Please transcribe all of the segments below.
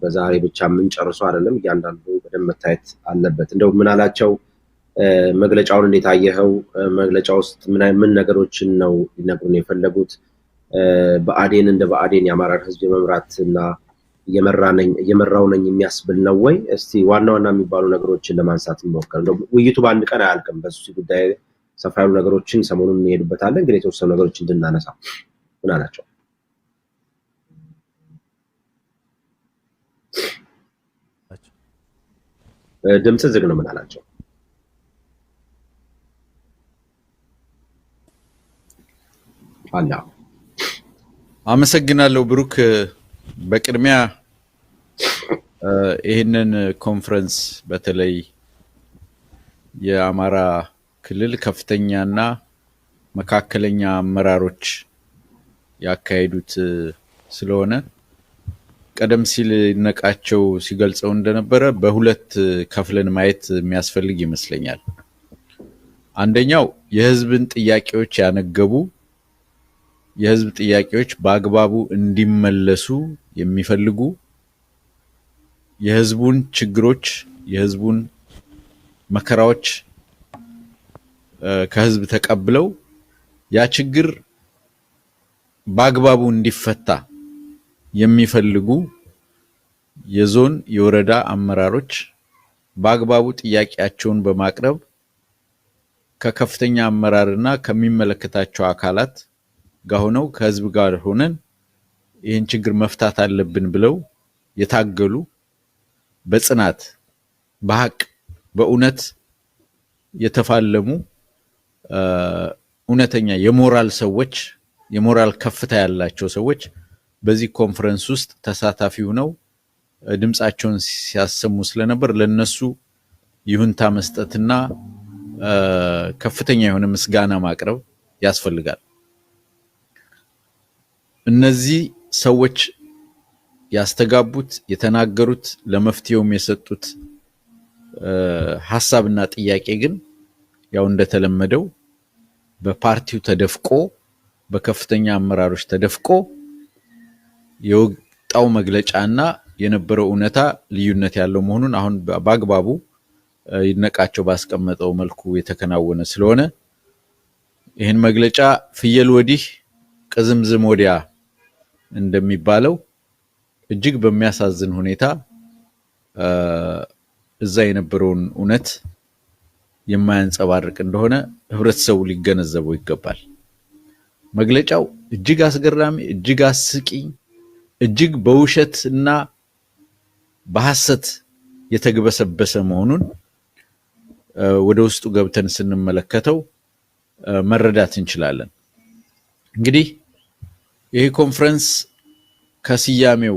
በዛሬ ብቻ የምንጨርሱ አይደለም። እያንዳንዱ በደንብ መታየት አለበት። እንደው ምን አላቸው መግለጫውን እንዴት አየኸው? መግለጫ ውስጥ ምን ነገሮችን ነው ሊነግሩን የፈለጉት? በአዴን እንደ በአዴን የአማራን ህዝብ የመምራት እና እየመራው ነኝ የሚያስብል ነው ወይ? እስቲ ዋና ዋና የሚባሉ ነገሮችን ለማንሳት እንሞክር። ውይይቱ በአንድ ቀን አያልቅም። በሱ ጉዳይ ሰፋ ያሉ ነገሮችን ሰሞኑን እንሄዱበታለን፣ ግን የተወሰኑ ነገሮች እንድናነሳ ምን አላቸው? ድምፅ ዝግ ነው ምን አላቸው? አላ አመሰግናለሁ ብሩክ። በቅድሚያ ይህንን ኮንፈረንስ በተለይ የአማራ ክልል ከፍተኛና መካከለኛ አመራሮች ያካሄዱት ስለሆነ ቀደም ሲል ነቃቸው ሲገልጸው እንደነበረ በሁለት ከፍለን ማየት የሚያስፈልግ ይመስለኛል። አንደኛው የህዝብን ጥያቄዎች ያነገቡ የህዝብ ጥያቄዎች በአግባቡ እንዲመለሱ የሚፈልጉ የህዝቡን ችግሮች፣ የህዝቡን መከራዎች ከህዝብ ተቀብለው ያ ችግር በአግባቡ እንዲፈታ የሚፈልጉ የዞን የወረዳ አመራሮች በአግባቡ ጥያቄያቸውን በማቅረብ ከከፍተኛ አመራርና ከሚመለከታቸው አካላት ጋር ሆነው ከህዝብ ጋር ሆነን ይህን ችግር መፍታት አለብን ብለው የታገሉ በጽናት በሀቅ በእውነት የተፋለሙ እውነተኛ የሞራል ሰዎች የሞራል ከፍታ ያላቸው ሰዎች በዚህ ኮንፈረንስ ውስጥ ተሳታፊ ሆነው ድምፃቸውን ሲያሰሙ ስለነበር ለነሱ ይሁንታ መስጠትና ከፍተኛ የሆነ ምስጋና ማቅረብ ያስፈልጋል። እነዚህ ሰዎች ያስተጋቡት የተናገሩት ለመፍትሄውም የሰጡት ሀሳብና ጥያቄ ግን ያው እንደተለመደው በፓርቲው ተደፍቆ በከፍተኛ አመራሮች ተደፍቆ የወጣው መግለጫና የነበረው እውነታ ልዩነት ያለው መሆኑን አሁን በአግባቡ ይነቃቸው ባስቀመጠው መልኩ የተከናወነ ስለሆነ ይህን መግለጫ ፍየል ወዲህ ቅዝምዝም ወዲያ እንደሚባለው እጅግ በሚያሳዝን ሁኔታ እዛ የነበረውን እውነት የማያንጸባርቅ እንደሆነ ህብረተሰቡ ሊገነዘበው ይገባል። መግለጫው እጅግ አስገራሚ፣ እጅግ አስቂኝ እጅግ በውሸት እና በሐሰት የተግበሰበሰ መሆኑን ወደ ውስጡ ገብተን ስንመለከተው መረዳት እንችላለን። እንግዲህ ይህ ኮንፈረንስ ከስያሜው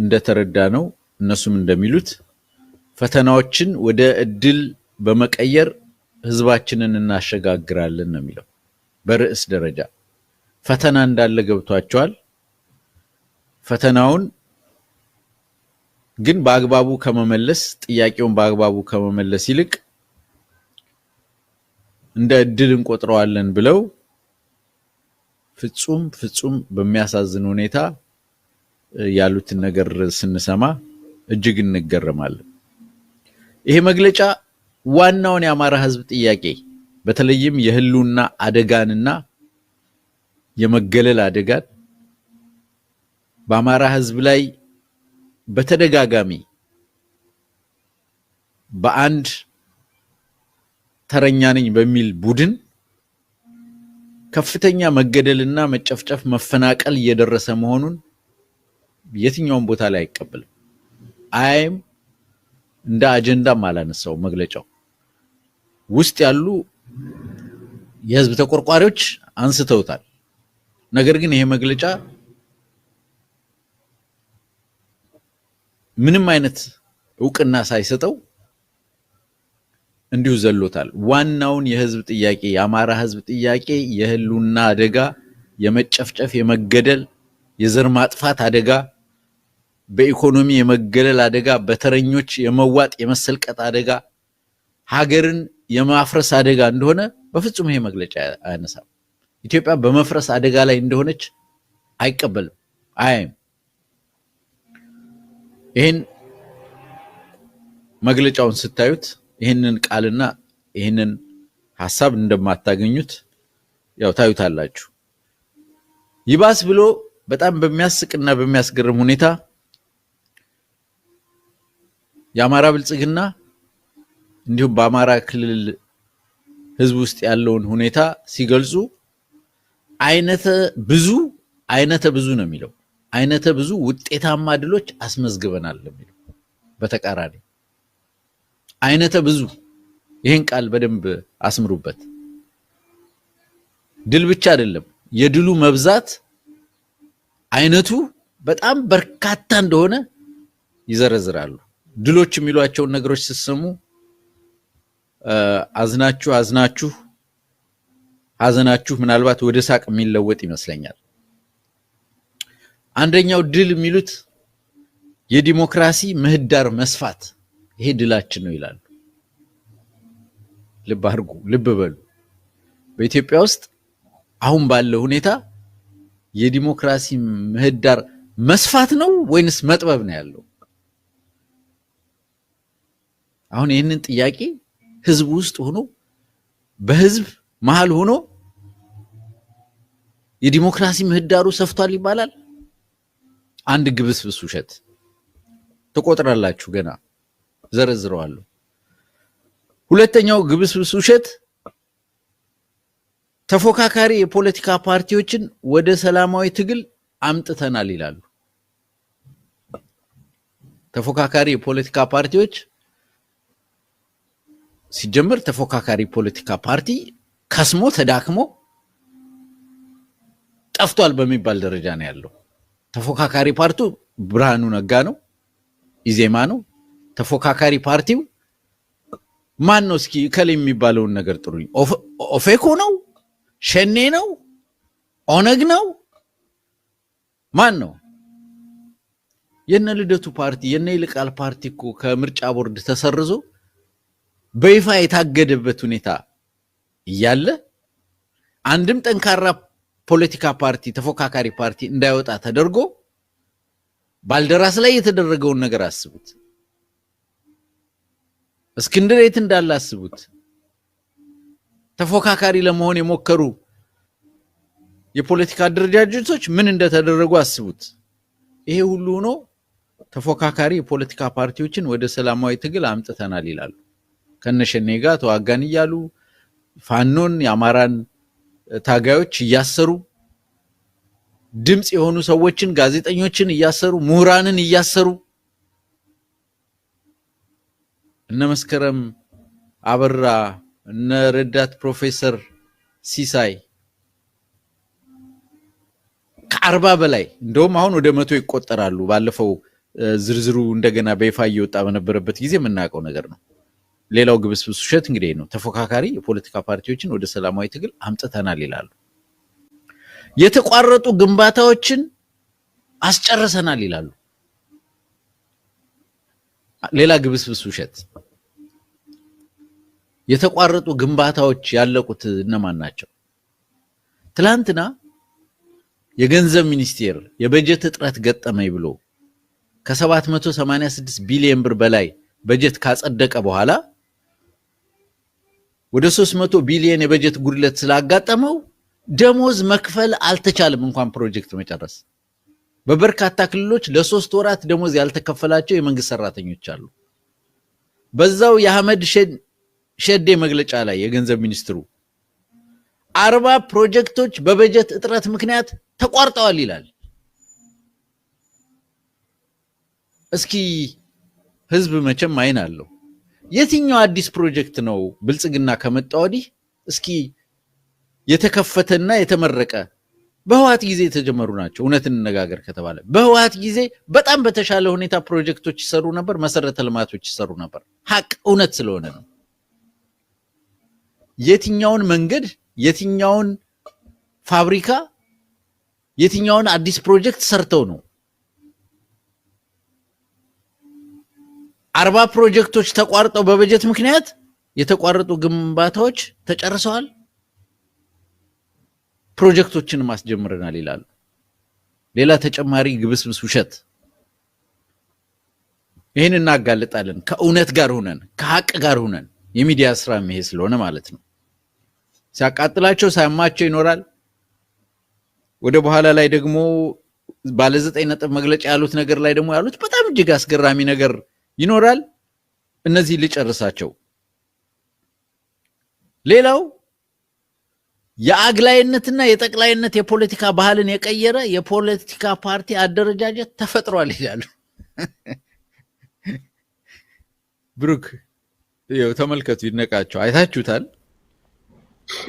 እንደተረዳ ነው እነሱም እንደሚሉት ፈተናዎችን ወደ እድል በመቀየር ህዝባችንን እናሸጋግራለን ነው የሚለው። በርዕስ ደረጃ ፈተና እንዳለ ገብቷቸዋል። ፈተናውን ግን በአግባቡ ከመመለስ ጥያቄውን በአግባቡ ከመመለስ ይልቅ እንደ እድል እንቆጥረዋለን ብለው ፍጹም ፍጹም በሚያሳዝን ሁኔታ ያሉትን ነገር ስንሰማ እጅግ እንገረማለን። ይሄ መግለጫ ዋናውን የአማራ ሕዝብ ጥያቄ በተለይም የህልውና አደጋንና የመገለል አደጋን በአማራ ህዝብ ላይ በተደጋጋሚ በአንድ ተረኛ ነኝ በሚል ቡድን ከፍተኛ መገደልና መጨፍጨፍ፣ መፈናቀል እየደረሰ መሆኑን የትኛውም ቦታ ላይ አይቀበልም። አይም እንደ አጀንዳም አላነሳው መግለጫው ውስጥ ያሉ የህዝብ ተቆርቋሪዎች አንስተውታል። ነገር ግን ይሄ መግለጫ ምንም አይነት እውቅና ሳይሰጠው እንዲሁ ዘሎታል። ዋናውን የህዝብ ጥያቄ የአማራ ህዝብ ጥያቄ የህሉና አደጋ፣ የመጨፍጨፍ፣ የመገደል፣ የዘር ማጥፋት አደጋ፣ በኢኮኖሚ የመገለል አደጋ፣ በተረኞች የመዋጥ የመሰልቀጥ አደጋ፣ ሀገርን የማፍረስ አደጋ እንደሆነ በፍጹም ይሄ መግለጫ አያነሳም። ኢትዮጵያ በመፍረስ አደጋ ላይ እንደሆነች አይቀበልም፣ አያይም። ይህን መግለጫውን ስታዩት ይህንን ቃልና ይህንን ሀሳብ እንደማታገኙት ያው ታዩታላችሁ። ይባስ ብሎ በጣም በሚያስቅና በሚያስገርም ሁኔታ የአማራ ብልጽግና እንዲሁም በአማራ ክልል ህዝብ ውስጥ ያለውን ሁኔታ ሲገልጹ አይነተ ብዙ አይነተ ብዙ ነው የሚለው አይነተ ብዙ ውጤታማ ድሎች አስመዝግበናል ለሚሉ በተቃራኒ አይነተ ብዙ ይህን ቃል በደንብ አስምሩበት። ድል ብቻ አይደለም፣ የድሉ መብዛት አይነቱ በጣም በርካታ እንደሆነ ይዘረዝራሉ። ድሎች የሚሏቸውን ነገሮች ስትሰሙ አዝናችሁ አዝናችሁ አዘናችሁ ምናልባት ወደ ሳቅ የሚለወጥ ይመስለኛል። አንደኛው ድል የሚሉት የዲሞክራሲ ምህዳር መስፋት ይሄ ድላችን ነው ይላሉ። ልብ አድርጉ፣ ልብ በሉ። በኢትዮጵያ ውስጥ አሁን ባለው ሁኔታ የዲሞክራሲ ምህዳር መስፋት ነው ወይንስ መጥበብ ነው ያለው? አሁን ይህንን ጥያቄ ህዝብ ውስጥ ሆኖ በህዝብ መሀል ሆኖ የዲሞክራሲ ምህዳሩ ሰፍቷል ይባላል። አንድ ግብስብስ ውሸት ትቆጥራላችሁ። ገና ዘረዝረዋለሁ። ሁለተኛው ግብስብስ ውሸት ተፎካካሪ የፖለቲካ ፓርቲዎችን ወደ ሰላማዊ ትግል አምጥተናል ይላሉ። ተፎካካሪ የፖለቲካ ፓርቲዎች ሲጀምር ተፎካካሪ ፖለቲካ ፓርቲ ከስሞ ተዳክሞ ጠፍቷል በሚባል ደረጃ ነው ያለው። ተፎካካሪ ፓርቲው ብርሃኑ ነጋ ነው፣ ኢዜማ ነው። ተፎካካሪ ፓርቲው ማን ነው? እስኪ እከሌ የሚባለውን ነገር ጥሩኝ። ኦፌኮ ነው? ሸኔ ነው? ኦነግ ነው? ማን ነው? የነ ልደቱ ፓርቲ የነ ይልቃል ፓርቲ እኮ ከምርጫ ቦርድ ተሰርዞ በይፋ የታገደበት ሁኔታ እያለ አንድም ጠንካራ ፖለቲካ ፓርቲ ተፎካካሪ ፓርቲ እንዳይወጣ ተደርጎ ባልደራስ ላይ የተደረገውን ነገር አስቡት። እስክንድር የት እንዳለ አስቡት። ተፎካካሪ ለመሆን የሞከሩ የፖለቲካ አደረጃጀቶች ምን እንደተደረጉ አስቡት። ይሄ ሁሉ ሆኖ ተፎካካሪ የፖለቲካ ፓርቲዎችን ወደ ሰላማዊ ትግል አምጥተናል ይላሉ። ከነሸኔ ጋር ተዋጋን እያሉ ፋኖን የአማራን ታጋዮች እያሰሩ ድምፅ የሆኑ ሰዎችን ጋዜጠኞችን እያሰሩ ምሁራንን እያሰሩ እነ መስከረም አበራ እነ ረዳት ፕሮፌሰር ሲሳይ ከአርባ በላይ እንደውም አሁን ወደ መቶ ይቆጠራሉ። ባለፈው ዝርዝሩ እንደገና በይፋ እየወጣ በነበረበት ጊዜ የምናውቀው ነገር ነው። ሌላው ግብስብስ ውሸት እንግዲህ ነው። ተፎካካሪ የፖለቲካ ፓርቲዎችን ወደ ሰላማዊ ትግል አምጥተናል ይላሉ። የተቋረጡ ግንባታዎችን አስጨርሰናል ይላሉ። ሌላ ግብስብስ ውሸት። የተቋረጡ ግንባታዎች ያለቁት እነማን ናቸው? ትላንትና የገንዘብ ሚኒስቴር የበጀት እጥረት ገጠመኝ ብሎ ከ786 ቢሊዮን ብር በላይ በጀት ካጸደቀ በኋላ ወደ 300 ቢሊዮን የበጀት ጉድለት ስላጋጠመው ደሞዝ መክፈል አልተቻለም፣ እንኳን ፕሮጀክት መጨረስ። በበርካታ ክልሎች ለሶስት ወራት ደሞዝ ያልተከፈላቸው የመንግስት ሰራተኞች አሉ። በዛው የአህመድ ሸዴ መግለጫ ላይ የገንዘብ ሚኒስትሩ አርባ ፕሮጀክቶች በበጀት እጥረት ምክንያት ተቋርጠዋል ይላል። እስኪ ህዝብ መቼም አይን አለው። የትኛው አዲስ ፕሮጀክት ነው ብልጽግና ከመጣ ወዲህ እስኪ የተከፈተና የተመረቀ? በህወሓት ጊዜ የተጀመሩ ናቸው። እውነት እንነጋገር ከተባለ በህወሓት ጊዜ በጣም በተሻለ ሁኔታ ፕሮጀክቶች ይሰሩ ነበር፣ መሰረተ ልማቶች ይሰሩ ነበር። ሀቅ እውነት ስለሆነ ነው። የትኛውን መንገድ፣ የትኛውን ፋብሪካ፣ የትኛውን አዲስ ፕሮጀክት ሰርተው ነው አርባ ፕሮጀክቶች ተቋርጠው በበጀት ምክንያት የተቋረጡ ግንባታዎች ተጨርሰዋል፣ ፕሮጀክቶችንም አስጀምረናል ይላሉ። ሌላ ተጨማሪ ግብስብስ ውሸት። ይህን እናጋልጣለን ከእውነት ጋር ሁነን ከሀቅ ጋር ሁነን የሚዲያ ስራ ይሄ ስለሆነ ማለት ነው። ሲያቃጥላቸው ሳያማቸው ይኖራል። ወደ በኋላ ላይ ደግሞ ባለ ዘጠኝ ነጥብ መግለጫ ያሉት ነገር ላይ ደግሞ ያሉት በጣም እጅግ አስገራሚ ነገር ይኖራል። እነዚህ ልጨርሳቸው። ሌላው የአግላይነትና የጠቅላይነት የፖለቲካ ባህልን የቀየረ የፖለቲካ ፓርቲ አደረጃጀት ተፈጥሯል ይላሉ። ብሩክ ይኸው ተመልከቱ፣ ይነቃቸው። አይታችሁታል።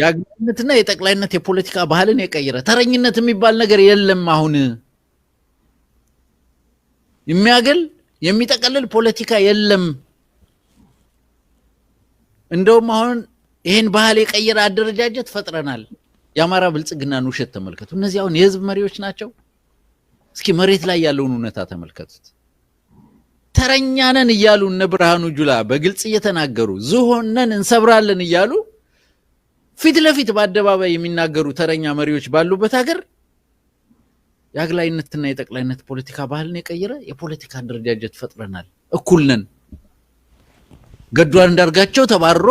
የአግላይነትና የጠቅላይነት የፖለቲካ ባህልን የቀየረ ተረኝነት የሚባል ነገር የለም። አሁን የሚያገል የሚጠቀልል ፖለቲካ የለም። እንደውም አሁን ይህን ባህል የቀየረ አደረጃጀት ፈጥረናል። የአማራ ብልጽግናን ውሸት ተመልከቱ። እነዚህ አሁን የህዝብ መሪዎች ናቸው። እስኪ መሬት ላይ ያለውን እውነታ ተመልከቱት። ተረኛ ነን እያሉ እነ ብርሃኑ ጁላ በግልጽ እየተናገሩ ዝሆን ነን እንሰብራለን እያሉ ፊት ለፊት በአደባባይ የሚናገሩ ተረኛ መሪዎች ባሉበት ሀገር የአግላይነትና የጠቅላይነት ፖለቲካ ባህልን የቀየረ የፖለቲካ አደረጃጀት ፈጥረናል። እኩል ነን። ገዷን እንዳርጋቸው ተባሮ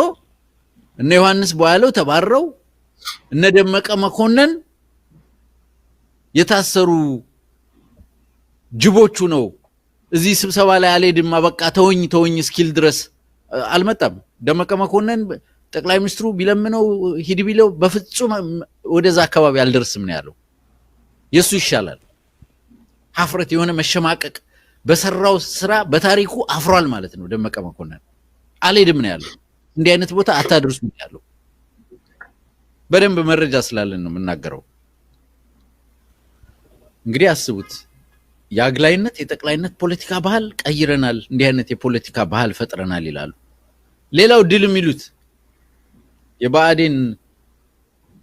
እነ ዮሐንስ በያለው ተባረው እነ ደመቀ መኮንን የታሰሩ ጅቦቹ ነው። እዚህ ስብሰባ ላይ ድማ በቃ ተወኝ ተወኝ እስኪል ድረስ አልመጣም። ደመቀ መኮንን ጠቅላይ ሚኒስትሩ ቢለምነው ሂድ ቢለው በፍጹም ወደዛ አካባቢ አልደርስም ነው ያለው። የእሱ ይሻላል። ሀፍረት የሆነ መሸማቀቅ በሰራው ስራ በታሪኩ አፍሯል ማለት ነው። ደመቀ መኮንን አልሄድም ነው ያለው። እንዲህ አይነት ቦታ አታድርሱ ነው ያለው። በደንብ መረጃ ስላለን ነው የምናገረው። እንግዲህ አስቡት፣ የአግላይነት የጠቅላይነት ፖለቲካ ባህል ቀይረናል፣ እንዲህ አይነት የፖለቲካ ባህል ፈጥረናል ይላሉ። ሌላው ድል የሚሉት የብአዴን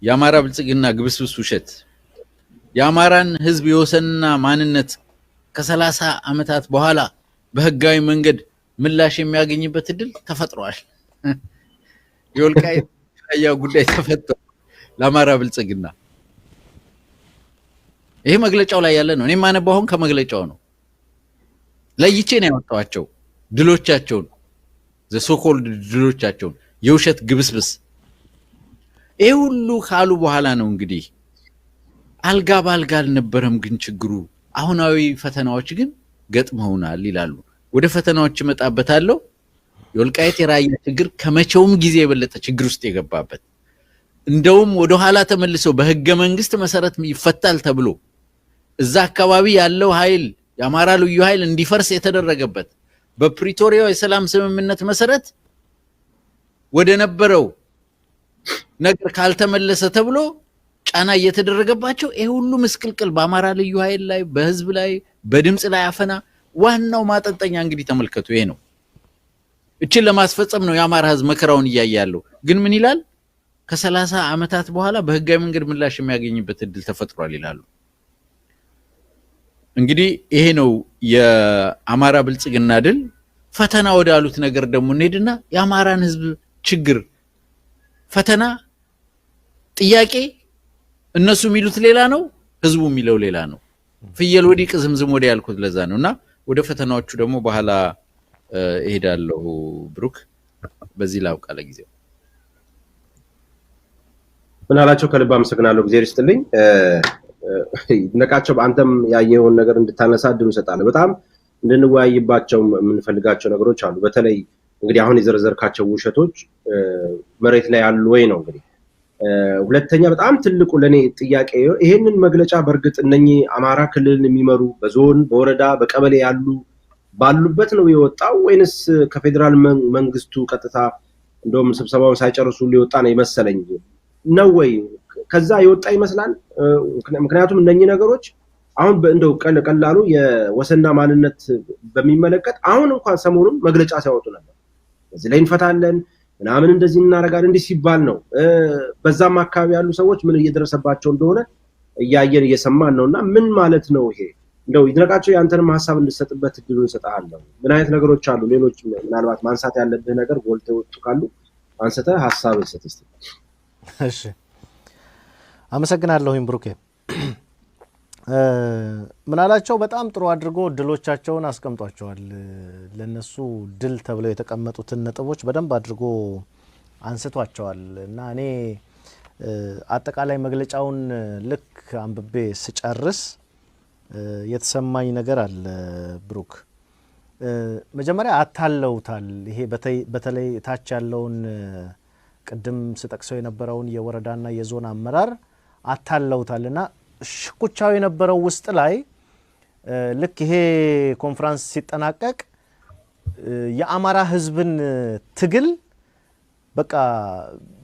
የአማራ ብልጽግና ግብስብስ ውሸት የአማራን ህዝብ የወሰንና ማንነት ከሰላሳ ዓመታት በኋላ በህጋዊ መንገድ ምላሽ የሚያገኝበት እድል ተፈጥሯል። የወልቃይት ራያ ጉዳይ ተፈጥሯል ለአማራ ብልጽግና። ይሄ መግለጫው ላይ ያለ ነው። እኔ የማነባው አሁን ከመግለጫው ነው። ለይቼ ነው ያወጣኋቸው ድሎቻቸውን፣ ዘሶኮልድ ድሎቻቸውን የውሸት ግብስብስ ይሄ ሁሉ ካሉ በኋላ ነው እንግዲህ አልጋ በአልጋ አልነበረም ግን ችግሩ። አሁናዊ ፈተናዎች ግን ገጥመውናል ይላሉ። ወደ ፈተናዎች እመጣበታለሁ። የወልቃይት የራያ ችግር ከመቼውም ጊዜ የበለጠ ችግር ውስጥ የገባበት እንደውም ወደኋላ ተመልሰው በህገ መንግስት መሰረት ይፈታል ተብሎ እዛ አካባቢ ያለው ኃይል የአማራ ልዩ ኃይል እንዲፈርስ የተደረገበት በፕሪቶሪያው የሰላም ስምምነት መሰረት ወደ ነበረው ነገር ካልተመለሰ ተብሎ ጫና እየተደረገባቸው ይሄ ሁሉ ምስቅልቅል በአማራ ልዩ ኃይል ላይ በህዝብ ላይ በድምፅ ላይ አፈና ዋናው ማጠንጠኛ እንግዲህ ተመልከቱ ይሄ ነው። እችን ለማስፈጸም ነው የአማራ ህዝብ መከራውን እያያለው። ግን ምን ይላል? ከሰላሳ ዓመታት በኋላ በህጋዊ መንገድ ምላሽ የሚያገኝበት እድል ተፈጥሯል ይላሉ። እንግዲህ ይሄ ነው የአማራ ብልጽግና ድል። ፈተና ወዳሉት ነገር ደግሞ እንሄድና የአማራን ህዝብ ችግር ፈተና ጥያቄ እነሱ የሚሉት ሌላ ነው፣ ህዝቡ የሚለው ሌላ ነው። ፍየል ወዲህ ቅዝምዝም ወዲህ ያልኩት ለዛ ነው። እና ወደ ፈተናዎቹ ደግሞ በኋላ እሄዳለሁ። ብሩክ በዚህ ላብቃ ለጊዜው። ምናላቸው ከልብ አመሰግናለሁ። ጊዜ ርስትልኝ ነቃቸው፣ በአንተም ያየውን ነገር እንድታነሳ እድሉ እሰጣለሁ። በጣም እንድንወያይባቸው የምንፈልጋቸው ነገሮች አሉ። በተለይ እንግዲህ አሁን የዘረዘርካቸው ውሸቶች መሬት ላይ ያሉ ወይ ነው እንግዲህ ሁለተኛ በጣም ትልቁ ለእኔ ጥያቄ ይሄንን መግለጫ በእርግጥ እነኚህ አማራ ክልልን የሚመሩ በዞን በወረዳ በቀበሌ ያሉ ባሉበት ነው የወጣው ወይንስ ከፌዴራል መንግስቱ ቀጥታ እንደውም ስብሰባውን ሳይጨርሱ ሊወጣ ነው የመሰለኝ ነው ወይ ከዛ የወጣ ይመስላል። ምክንያቱም እነኚህ ነገሮች አሁን እንደው ቀላሉ የወሰና ማንነት በሚመለከት አሁን እንኳን ሰሞኑን መግለጫ ሲያወጡ ነበር። እዚህ ላይ እንፈታለን ምናምን እንደዚህ እናደርጋለን እንዲህ ሲባል ነው። በዛም አካባቢ ያሉ ሰዎች ምን እየደረሰባቸው እንደሆነ እያየን እየሰማን ነው። እና ምን ማለት ነው ይሄ? እንደው ይድነቃቸው፣ የአንተንም ሀሳብ እንድሰጥበት እድሉ እንሰጥሃለሁ። ምን አይነት ነገሮች አሉ? ሌሎች ምናልባት ማንሳት ያለብህ ነገር ጎልተው ወጡ ካሉ አንስተህ ሀሳብ እንሰጥ እሺ፣ አመሰግናለሁኝ ብሩኬ። ምናላቸው በጣም ጥሩ አድርጎ ድሎቻቸውን አስቀምጧቸዋል። ለነሱ ድል ተብለው የተቀመጡትን ነጥቦች በደንብ አድርጎ አንስቷቸዋል እና እኔ አጠቃላይ መግለጫውን ልክ አንብቤ ስጨርስ የተሰማኝ ነገር አለ። ብሩክ መጀመሪያ አታለውታል። ይሄ በተለይ ታች ያለውን ቅድም ስጠቅሰው የነበረውን የወረዳና የዞን አመራር አታለውታልና ሽኩቻው የነበረው ውስጥ ላይ ልክ ይሄ ኮንፍራንስ ሲጠናቀቅ የአማራ ህዝብን ትግል በቃ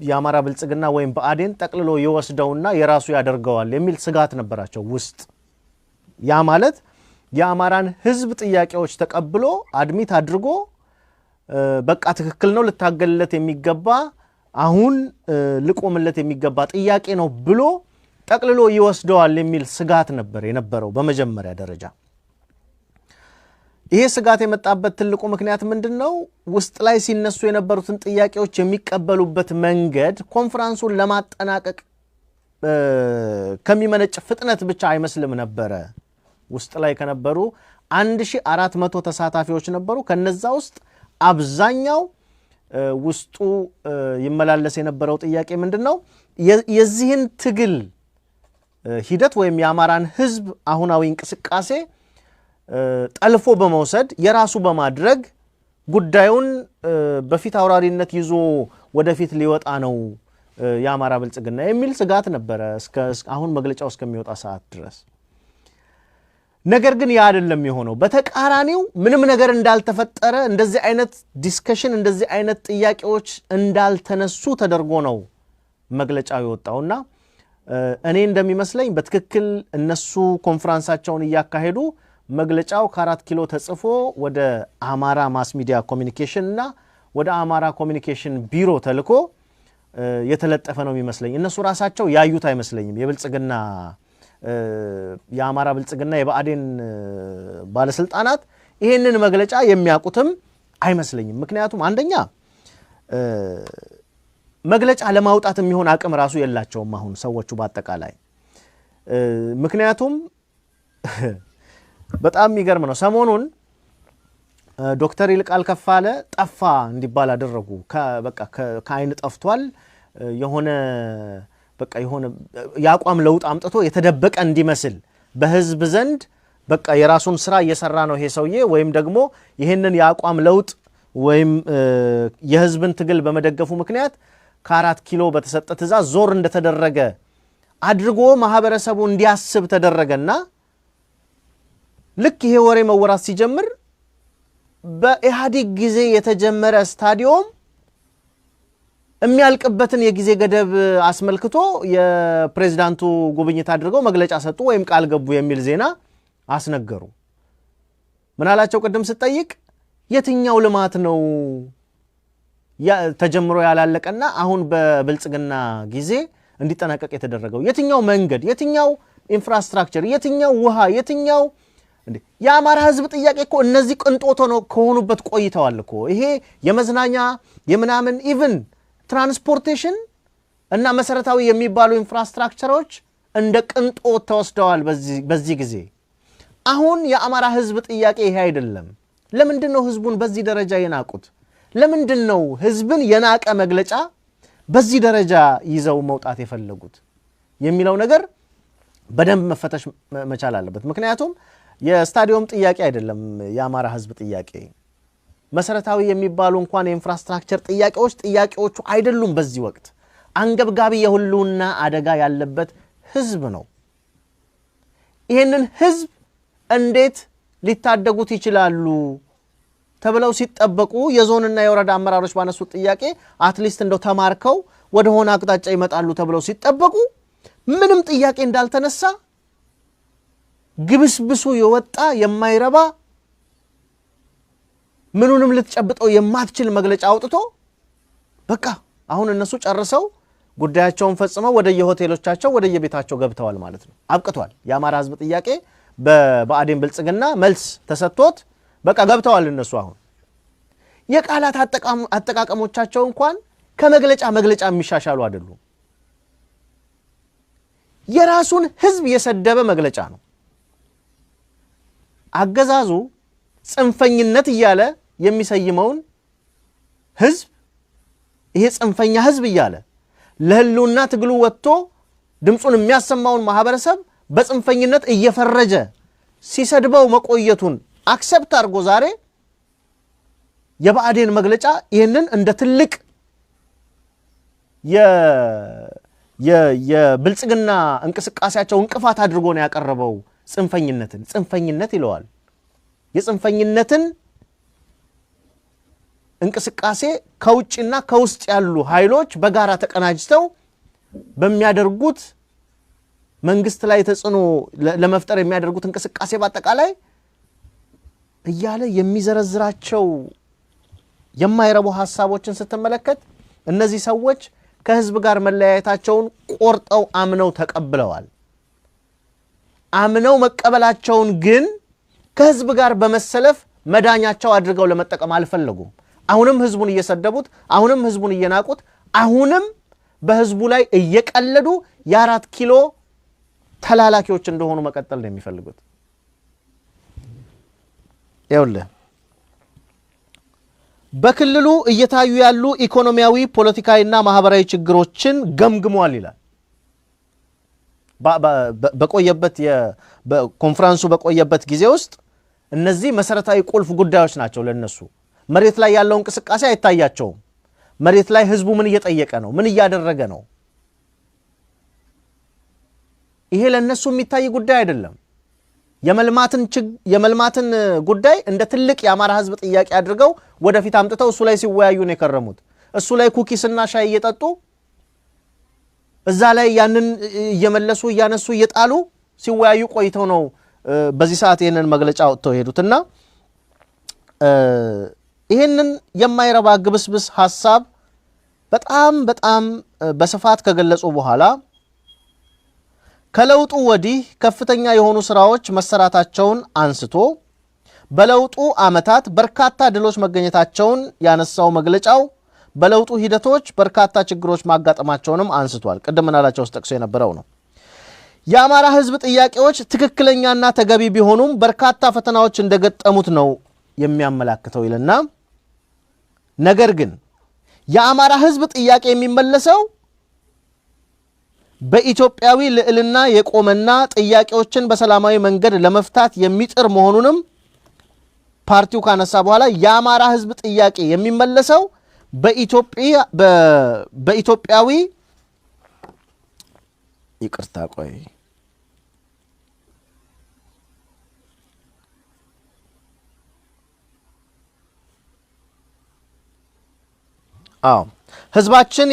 የአማራ ብልጽግና ወይም በአዴን ጠቅልሎ ይወስደውና የራሱ ያደርገዋል የሚል ስጋት ነበራቸው ውስጥ። ያ ማለት የአማራን ህዝብ ጥያቄዎች ተቀብሎ አድሚት አድርጎ በቃ ትክክል ነው ልታገልለት የሚገባ አሁን ልቆምለት የሚገባ ጥያቄ ነው ብሎ ጠቅልሎ ይወስደዋል የሚል ስጋት ነበር የነበረው በመጀመሪያ ደረጃ። ይሄ ስጋት የመጣበት ትልቁ ምክንያት ምንድን ነው? ውስጥ ላይ ሲነሱ የነበሩትን ጥያቄዎች የሚቀበሉበት መንገድ ኮንፈረንሱን ለማጠናቀቅ ከሚመነጭ ፍጥነት ብቻ አይመስልም ነበረ። ውስጥ ላይ ከነበሩ 1400 ተሳታፊዎች ነበሩ። ከነዛ ውስጥ አብዛኛው ውስጡ ይመላለስ የነበረው ጥያቄ ምንድን ነው? የዚህን ትግል ሂደት ወይም የአማራን ህዝብ አሁናዊ እንቅስቃሴ ጠልፎ በመውሰድ የራሱ በማድረግ ጉዳዩን በፊት አውራሪነት ይዞ ወደፊት ሊወጣ ነው የአማራ ብልጽግና የሚል ስጋት ነበረ አሁን መግለጫው እስከሚወጣ ሰዓት ድረስ። ነገር ግን ያ አይደለም የሆነው። በተቃራኒው ምንም ነገር እንዳልተፈጠረ፣ እንደዚህ አይነት ዲስከሽን፣ እንደዚህ አይነት ጥያቄዎች እንዳልተነሱ ተደርጎ ነው መግለጫው የወጣውና እኔ እንደሚመስለኝ በትክክል እነሱ ኮንፍራንሳቸውን እያካሄዱ መግለጫው ከአራት ኪሎ ተጽፎ ወደ አማራ ማስ ሚዲያ ኮሚኒኬሽን እና ወደ አማራ ኮሚኒኬሽን ቢሮ ተልኮ የተለጠፈ ነው የሚመስለኝ። እነሱ ራሳቸው ያዩት አይመስለኝም። የብልጽግና የአማራ ብልጽግና የብአዴን ባለስልጣናት ይህንን መግለጫ የሚያውቁትም አይመስለኝም። ምክንያቱም አንደኛ መግለጫ ለማውጣት የሚሆን አቅም ራሱ የላቸውም አሁን ሰዎቹ በአጠቃላይ። ምክንያቱም በጣም የሚገርም ነው። ሰሞኑን ዶክተር ይልቃል ከፋለ ጠፋ እንዲባል አደረጉ። በቃ ከአይን ጠፍቷል የሆነ በቃ የሆነ የአቋም ለውጥ አምጥቶ የተደበቀ እንዲመስል በህዝብ ዘንድ በቃ የራሱን ስራ እየሰራ ነው ይሄ ሰውዬ ወይም ደግሞ ይህንን የአቋም ለውጥ ወይም የህዝብን ትግል በመደገፉ ምክንያት ከአራት ኪሎ በተሰጠ ትእዛዝ ዞር እንደተደረገ አድርጎ ማህበረሰቡ እንዲያስብ ተደረገና ልክ ይሄ ወሬ መወራት ሲጀምር በኢህአዴግ ጊዜ የተጀመረ ስታዲዮም የሚያልቅበትን የጊዜ ገደብ አስመልክቶ የፕሬዚዳንቱ ጉብኝት አድርገው መግለጫ ሰጡ ወይም ቃል ገቡ የሚል ዜና አስነገሩ። ምናላቸው ቅድም ስጠይቅ የትኛው ልማት ነው ተጀምሮ ያላለቀና አሁን በብልጽግና ጊዜ እንዲጠናቀቅ የተደረገው የትኛው መንገድ፣ የትኛው ኢንፍራስትራክቸር፣ የትኛው ውሃ፣ የትኛው የአማራ ህዝብ ጥያቄ እኮ እነዚህ ቅንጦት ሆኖ ከሆኑበት ቆይተዋል እኮ ይሄ የመዝናኛ የምናምን ኢቭን ትራንስፖርቴሽን እና መሰረታዊ የሚባሉ ኢንፍራስትራክቸሮች እንደ ቅንጦት ተወስደዋል በዚህ ጊዜ። አሁን የአማራ ህዝብ ጥያቄ ይሄ አይደለም። ለምንድን ነው ህዝቡን በዚህ ደረጃ የናቁት? ለምንድን ነው ህዝብን የናቀ መግለጫ በዚህ ደረጃ ይዘው መውጣት የፈለጉት የሚለው ነገር በደንብ መፈተሽ መቻል አለበት። ምክንያቱም የስታዲየም ጥያቄ አይደለም የአማራ ህዝብ ጥያቄ። መሰረታዊ የሚባሉ እንኳን የኢንፍራስትራክቸር ጥያቄዎች ጥያቄዎቹ አይደሉም። በዚህ ወቅት አንገብጋቢ የህልውና አደጋ ያለበት ህዝብ ነው። ይህንን ህዝብ እንዴት ሊታደጉት ይችላሉ? ተብለው ሲጠበቁ የዞንና የወረዳ አመራሮች ባነሱት ጥያቄ አትሊስት እንደው ተማርከው ወደሆነ አቅጣጫ ይመጣሉ ተብለው ሲጠበቁ ምንም ጥያቄ እንዳልተነሳ ግብስብሱ የወጣ የማይረባ ምኑንም ልትጨብጠው የማትችል መግለጫ አውጥቶ በቃ አሁን እነሱ ጨርሰው ጉዳያቸውን ፈጽመው ወደየሆቴሎቻቸው ወደየቤታቸው ገብተዋል ማለት ነው። አብቅቷል። የአማራ ሕዝብ ጥያቄ በብአዴን ብልጽግና መልስ ተሰጥቶት በቃ ገብተዋል እነሱ አሁን የቃላት አጠቃቀሞቻቸው እንኳን ከመግለጫ መግለጫ የሚሻሻሉ አይደሉም። የራሱን ህዝብ የሰደበ መግለጫ ነው። አገዛዙ ጽንፈኝነት እያለ የሚሰይመውን ህዝብ ይሄ ጽንፈኛ ህዝብ እያለ ለህልውና ትግሉ ወጥቶ ድምፁን የሚያሰማውን ማህበረሰብ በጽንፈኝነት እየፈረጀ ሲሰድበው መቆየቱን አክሰፕት አድርጎ ዛሬ የብአዴን መግለጫ ይህንን እንደ ትልቅ የብልጽግና እንቅስቃሴያቸው እንቅፋት አድርጎ ነው ያቀረበው። ጽንፈኝነትን ጽንፈኝነት ይለዋል። የጽንፈኝነትን እንቅስቃሴ ከውጭና ከውስጥ ያሉ ኃይሎች በጋራ ተቀናጅተው በሚያደርጉት መንግስት ላይ ተጽዕኖ ለመፍጠር የሚያደርጉት እንቅስቃሴ በአጠቃላይ እያለ የሚዘረዝራቸው የማይረቡ ሀሳቦችን ስትመለከት እነዚህ ሰዎች ከህዝብ ጋር መለያየታቸውን ቆርጠው አምነው ተቀብለዋል። አምነው መቀበላቸውን ግን ከህዝብ ጋር በመሰለፍ መዳኛቸው አድርገው ለመጠቀም አልፈለጉም። አሁንም ህዝቡን እየሰደቡት፣ አሁንም ህዝቡን እየናቁት፣ አሁንም በህዝቡ ላይ እየቀለዱ የአራት ኪሎ ተላላኪዎች እንደሆኑ መቀጠል ነው የሚፈልጉት። ይኸውልህ በክልሉ እየታዩ ያሉ ኢኮኖሚያዊ ፖለቲካዊና ማህበራዊ ችግሮችን ገምግሟል ይላል። በቆየበት ኮንፈረንሱ በቆየበት ጊዜ ውስጥ እነዚህ መሰረታዊ ቁልፍ ጉዳዮች ናቸው። ለነሱ መሬት ላይ ያለው እንቅስቃሴ አይታያቸውም። መሬት ላይ ህዝቡ ምን እየጠየቀ ነው? ምን እያደረገ ነው? ይሄ ለነሱ የሚታይ ጉዳይ አይደለም። የመልማትን ጉዳይ እንደ ትልቅ የአማራ ህዝብ ጥያቄ አድርገው ወደፊት አምጥተው እሱ ላይ ሲወያዩ ነው የከረሙት። እሱ ላይ ኩኪስና ሻይ እየጠጡ እዛ ላይ ያንን እየመለሱ እያነሱ እየጣሉ ሲወያዩ ቆይተው ነው በዚህ ሰዓት ይህንን መግለጫ ወጥተው ሄዱት ና ይህንን የማይረባ ግብስብስ ሀሳብ በጣም በጣም በስፋት ከገለጹ በኋላ ከለውጡ ወዲህ ከፍተኛ የሆኑ ስራዎች መሰራታቸውን አንስቶ በለውጡ ዓመታት በርካታ ድሎች መገኘታቸውን ያነሳው መግለጫው በለውጡ ሂደቶች በርካታ ችግሮች ማጋጠማቸውንም አንስቷል። ቅድም ምናላቸው ውስጥ ጠቅሶ የነበረው ነው። የአማራ ሕዝብ ጥያቄዎች ትክክለኛና ተገቢ ቢሆኑም በርካታ ፈተናዎች እንደገጠሙት ነው የሚያመላክተው ይልና ነገር ግን የአማራ ሕዝብ ጥያቄ የሚመለሰው በኢትዮጵያዊ ልዕልና የቆመና ጥያቄዎችን በሰላማዊ መንገድ ለመፍታት የሚጥር መሆኑንም ፓርቲው ካነሳ በኋላ የአማራ ሕዝብ ጥያቄ የሚመለሰው በኢትዮጵያዊ ይቅርታ ቆይ አዎ ህዝባችን